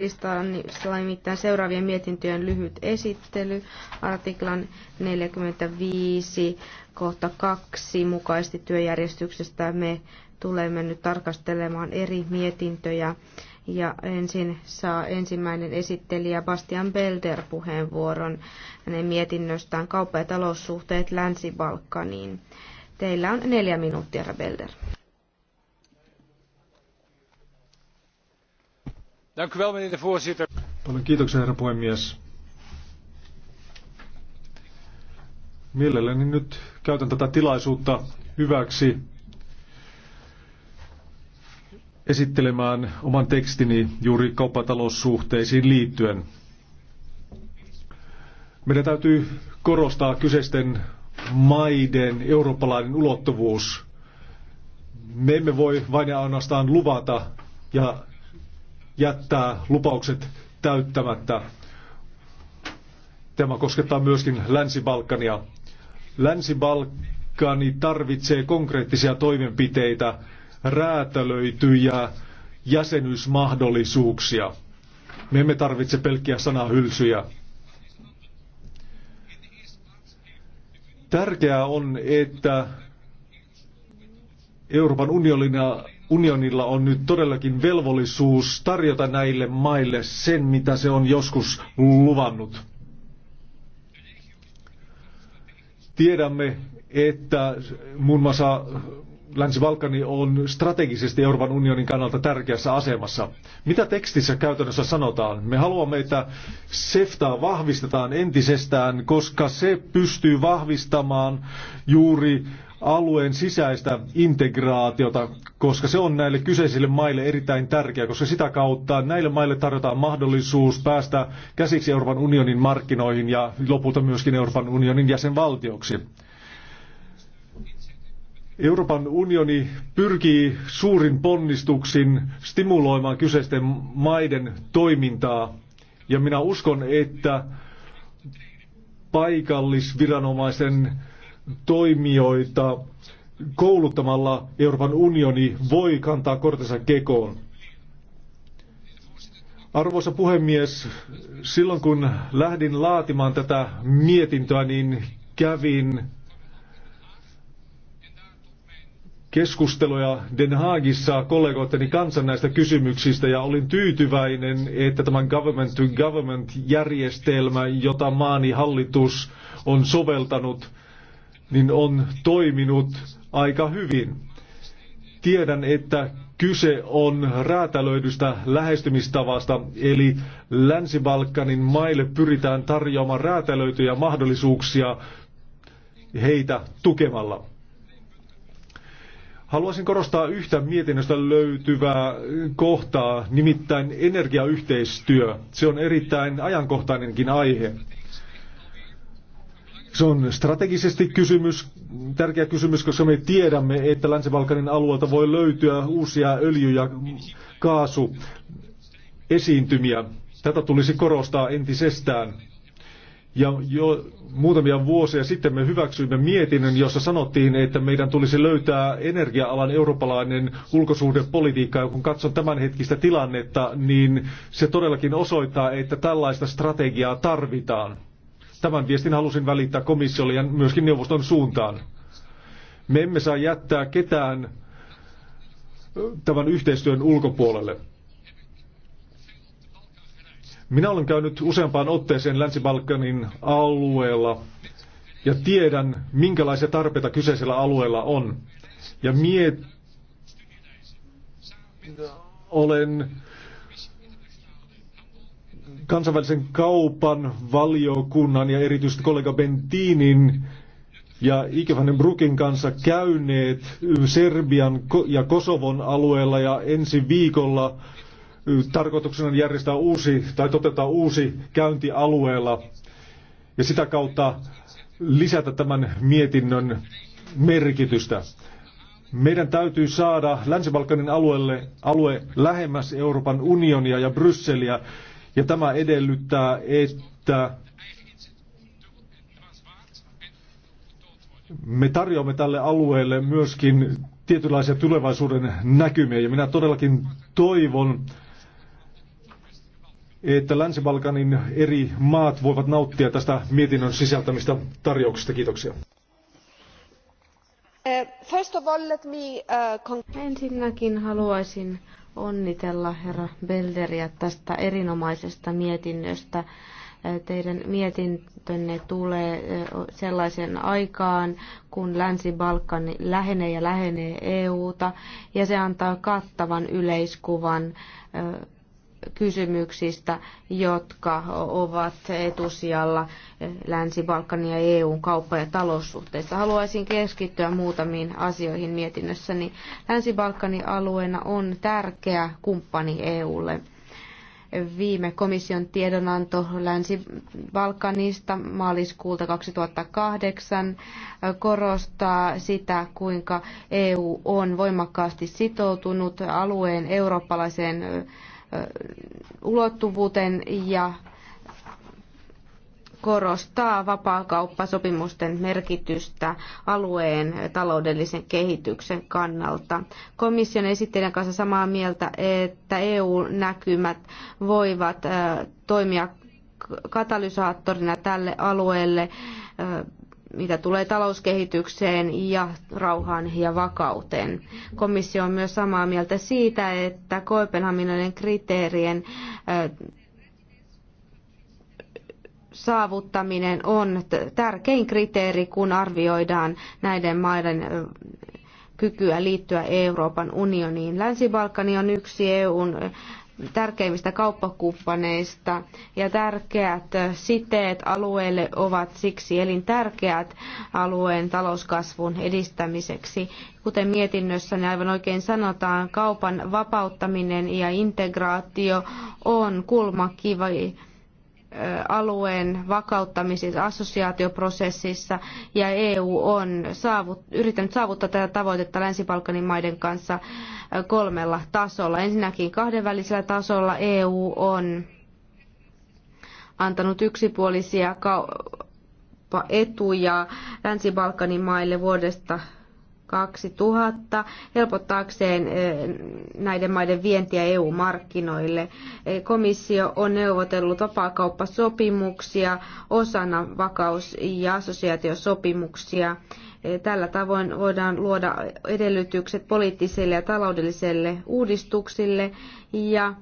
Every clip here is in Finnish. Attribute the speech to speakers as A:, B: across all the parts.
A: listalla nimittäin seuraavien mietintöjen lyhyt esittely. Artiklan 45 kohta 2 mukaisesti työjärjestyksestä me tulemme nyt tarkastelemaan eri mietintöjä. Ja ensin saa ensimmäinen esittelijä Bastian Belder puheenvuoron hänen mietinnöstään kauppa- ja taloussuhteet Länsi-Balkaniin. Teillä on neljä minuuttia, Belder.
B: Paljon kiitoksia, herra puhemies. Mielelläni nyt käytän tätä tilaisuutta hyväksi esittelemään oman tekstini juuri kauppataloussuhteisiin liittyen. Meidän täytyy korostaa kyseisten maiden eurooppalainen ulottuvuus. Me emme voi vain ja ainoastaan luvata ja jättää lupaukset täyttämättä. Tämä koskettaa myöskin Länsi-Balkania. Länsi-Balkani tarvitsee konkreettisia toimenpiteitä, räätälöityjä jäsenyysmahdollisuuksia. Me emme tarvitse pelkkiä sanahylsyjä. Tärkeää on, että Euroopan unionina, unionilla on nyt todellakin velvollisuus tarjota näille maille sen, mitä se on joskus luvannut. Tiedämme, että muun muassa Länsi-Balkani on strategisesti Euroopan unionin kannalta tärkeässä asemassa. Mitä tekstissä käytännössä sanotaan? Me haluamme, että SEFTA vahvistetaan entisestään, koska se pystyy vahvistamaan juuri alueen sisäistä integraatiota, koska se on näille kyseisille maille erittäin tärkeää, koska sitä kautta näille maille tarjotaan mahdollisuus päästä käsiksi Euroopan unionin markkinoihin ja lopulta myöskin Euroopan unionin jäsenvaltioksi. Euroopan unioni pyrkii suurin ponnistuksin stimuloimaan kyseisten maiden toimintaa, ja minä uskon, että paikallisviranomaisen toimijoita kouluttamalla Euroopan unioni voi kantaa kortensa kekoon. Arvoisa puhemies, silloin kun lähdin laatimaan tätä mietintöä, niin kävin keskusteluja Den Haagissa kollegoitteni kanssa näistä kysymyksistä ja olin tyytyväinen, että tämän government to government järjestelmä, jota maani hallitus on soveltanut, niin on toiminut aika hyvin. Tiedän, että kyse on räätälöidystä lähestymistavasta, eli Länsi-Balkanin maille pyritään tarjoamaan räätälöityjä mahdollisuuksia heitä tukemalla. Haluaisin korostaa yhtä mietinnöstä löytyvää kohtaa, nimittäin energiayhteistyö. Se on erittäin ajankohtainenkin aihe. Se on strategisesti kysymys, tärkeä kysymys, koska me tiedämme, että Länsi-Balkanin alueelta voi löytyä uusia öljy- ja kaasuesiintymiä. Tätä tulisi korostaa entisestään. Ja jo muutamia vuosia sitten me hyväksyimme mietinnön, jossa sanottiin, että meidän tulisi löytää energia-alan eurooppalainen ulkosuhdepolitiikka. Ja kun katson tämänhetkistä tilannetta, niin se todellakin osoittaa, että tällaista strategiaa tarvitaan. Tämän viestin halusin välittää komissiolle ja myöskin neuvoston suuntaan. Me emme saa jättää ketään tämän yhteistyön ulkopuolelle. Minä olen käynyt useampaan otteeseen Länsi-Balkanin alueella ja tiedän, minkälaisia tarpeita kyseisellä alueella on. Ja mie... olen kansainvälisen kaupan valiokunnan ja erityisesti kollega Bentinin ja Ikevanen Brukin kanssa käyneet Serbian ja Kosovon alueella ja ensi viikolla tarkoituksena järjestää uusi tai toteuttaa uusi käynti alueella ja sitä kautta lisätä tämän mietinnön merkitystä. Meidän täytyy saada Länsi-Balkanin alueelle, alue lähemmäs Euroopan unionia ja Brysseliä ja tämä edellyttää, että me tarjoamme tälle alueelle myöskin tietynlaisia tulevaisuuden näkymiä. Ja minä todellakin toivon, että Länsi-Balkanin eri maat voivat nauttia tästä mietinnön sisältämistä tarjouksesta. Kiitoksia.
A: Eh, eh, Ensinnäkin haluaisin onnitella herra Belderiä tästä erinomaisesta mietinnöstä. Teidän mietintönne tulee sellaisen aikaan, kun Länsi-Balkan lähenee ja lähenee EUta, ja se antaa kattavan yleiskuvan kysymyksistä, jotka ovat etusijalla Länsi-Balkanin ja EUn kauppa- ja taloussuhteissa. Haluaisin keskittyä muutamiin asioihin mietinnössäni. Länsi-Balkanin alueena on tärkeä kumppani EUlle viime komission tiedonanto Länsi-Balkanista maaliskuulta 2008 korostaa sitä, kuinka EU on voimakkaasti sitoutunut alueen eurooppalaiseen ulottuvuuteen ja korostaa vapaakauppasopimusten merkitystä alueen taloudellisen kehityksen kannalta. Komission esittelijän kanssa samaa mieltä, että EU-näkymät voivat toimia katalysaattorina tälle alueelle mitä tulee talouskehitykseen ja rauhaan ja vakauteen. Komissio on myös samaa mieltä siitä, että Kööpenhaminan kriteerien saavuttaminen on tärkein kriteeri, kun arvioidaan näiden maiden kykyä liittyä Euroopan unioniin. Länsi-Balkani on yksi EUn tärkeimmistä kauppakumppaneista ja tärkeät siteet alueelle ovat siksi elintärkeät alueen talouskasvun edistämiseksi. Kuten mietinnössä aivan oikein sanotaan, kaupan vapauttaminen ja integraatio on kulmakivi alueen vakauttamisessa, assosiaatioprosessissa ja EU on saavut, yrittänyt saavuttaa tätä tavoitetta Länsi-Balkanin maiden kanssa kolmella tasolla. Ensinnäkin kahdenvälisellä tasolla EU on antanut yksipuolisia etuja Länsi-Balkanin maille vuodesta 2000 helpottaakseen eh, näiden maiden vientiä EU-markkinoille. Eh, komissio on neuvotellut vapaakauppasopimuksia osana vakaus- ja assosiaatiosopimuksia. Eh, tällä tavoin voidaan luoda edellytykset poliittisille ja taloudelliselle uudistuksille ja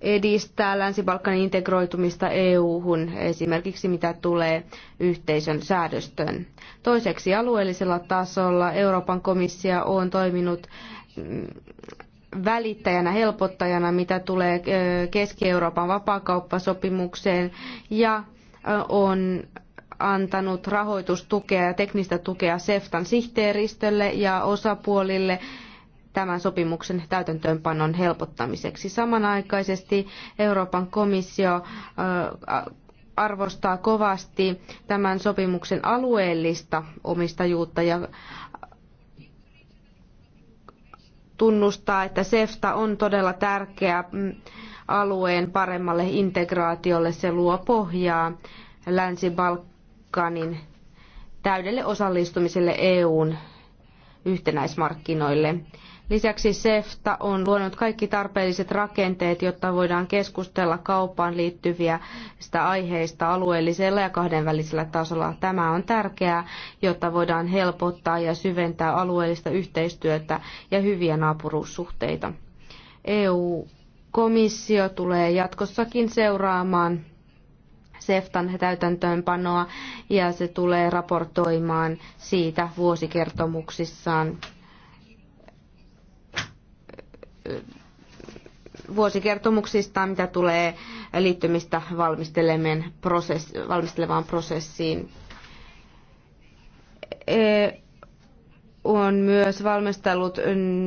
A: edistää Länsi-Balkanin integroitumista EU-hun, esimerkiksi mitä tulee yhteisön säädöstön. Toiseksi alueellisella tasolla Euroopan komissio on toiminut mm, välittäjänä, helpottajana, mitä tulee Keski-Euroopan vapaakauppasopimukseen ja on antanut rahoitustukea ja teknistä tukea SEFTAn sihteeristölle ja osapuolille tämän sopimuksen täytäntöönpanon helpottamiseksi. Samanaikaisesti Euroopan komissio äh, arvostaa kovasti tämän sopimuksen alueellista omistajuutta ja tunnustaa, että SEFTA on todella tärkeä mm, alueen paremmalle integraatiolle. Se luo pohjaa Länsi-Balkanin täydelle osallistumiselle EUn yhtenäismarkkinoille. Lisäksi SEFTA on luonut kaikki tarpeelliset rakenteet, jotta voidaan keskustella kauppaan liittyviä sitä aiheista alueellisella ja kahdenvälisellä tasolla. Tämä on tärkeää, jotta voidaan helpottaa ja syventää alueellista yhteistyötä ja hyviä naapuruussuhteita. EU-komissio tulee jatkossakin seuraamaan SEFTAn täytäntöönpanoa ja se tulee raportoimaan siitä vuosikertomuksissaan vuosikertomuksista, mitä tulee liittymistä prosess, valmistelevaan prosessiin. E on myös valmistellut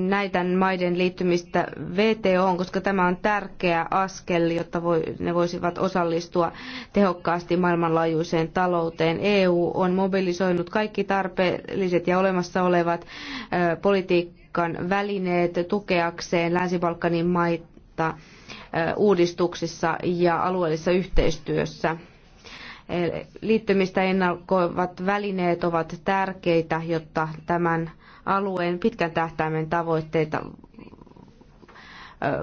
A: näiden maiden liittymistä VTOon, koska tämä on tärkeä askel, jotta ne voisivat osallistua tehokkaasti maailmanlaajuiseen talouteen. EU on mobilisoinut kaikki tarpeelliset ja olemassa olevat politiikka. Kreikan välineet tukeakseen Länsi-Balkanin maita uudistuksissa ja alueellisessa yhteistyössä. E, liittymistä ennakoivat välineet ovat tärkeitä, jotta tämän alueen pitkän tähtäimen tavoitteita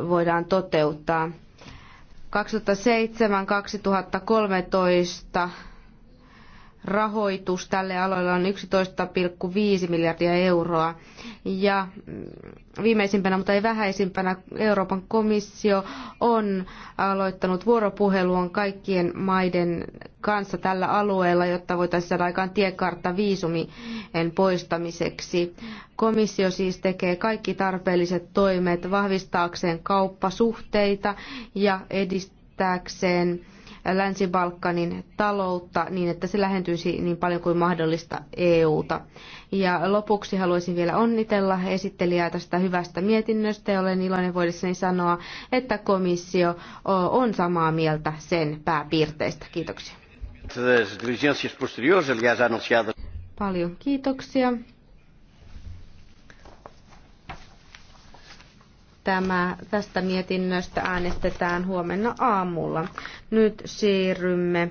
A: voidaan toteuttaa. 2007-2013 rahoitus tälle aloille on 11,5 miljardia euroa. Ja mm, viimeisimpänä, mutta ei vähäisimpänä, Euroopan komissio on aloittanut vuoropuhelun kaikkien maiden kanssa tällä alueella, jotta voitaisiin saada aikaan tiekartta viisumien poistamiseksi. Komissio siis tekee kaikki tarpeelliset toimet vahvistaakseen kauppasuhteita ja edistääkseen Länsi-Balkanin taloutta niin, että se lähentyisi niin paljon kuin mahdollista EUta. Ja lopuksi haluaisin vielä onnitella esittelijää tästä hyvästä mietinnöstä ja olen iloinen voidessani sanoa, että komissio on samaa mieltä sen pääpiirteistä. Kiitoksia. Paljon kiitoksia. tämä, tästä mietinnöstä äänestetään huomenna aamulla. Nyt siirrymme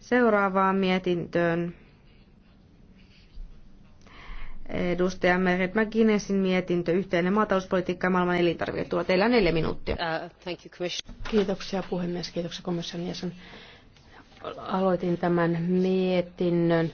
A: seuraavaan mietintöön. Edustaja Merit McGuinnessin mietintö, yhteinen maatalouspolitiikka ja maailman elintarviketulo. Teillä on neljä minuuttia. Uh, thank you, kiitoksia puhemies, kiitoksia komission jäsen. Aloitin tämän mietinnön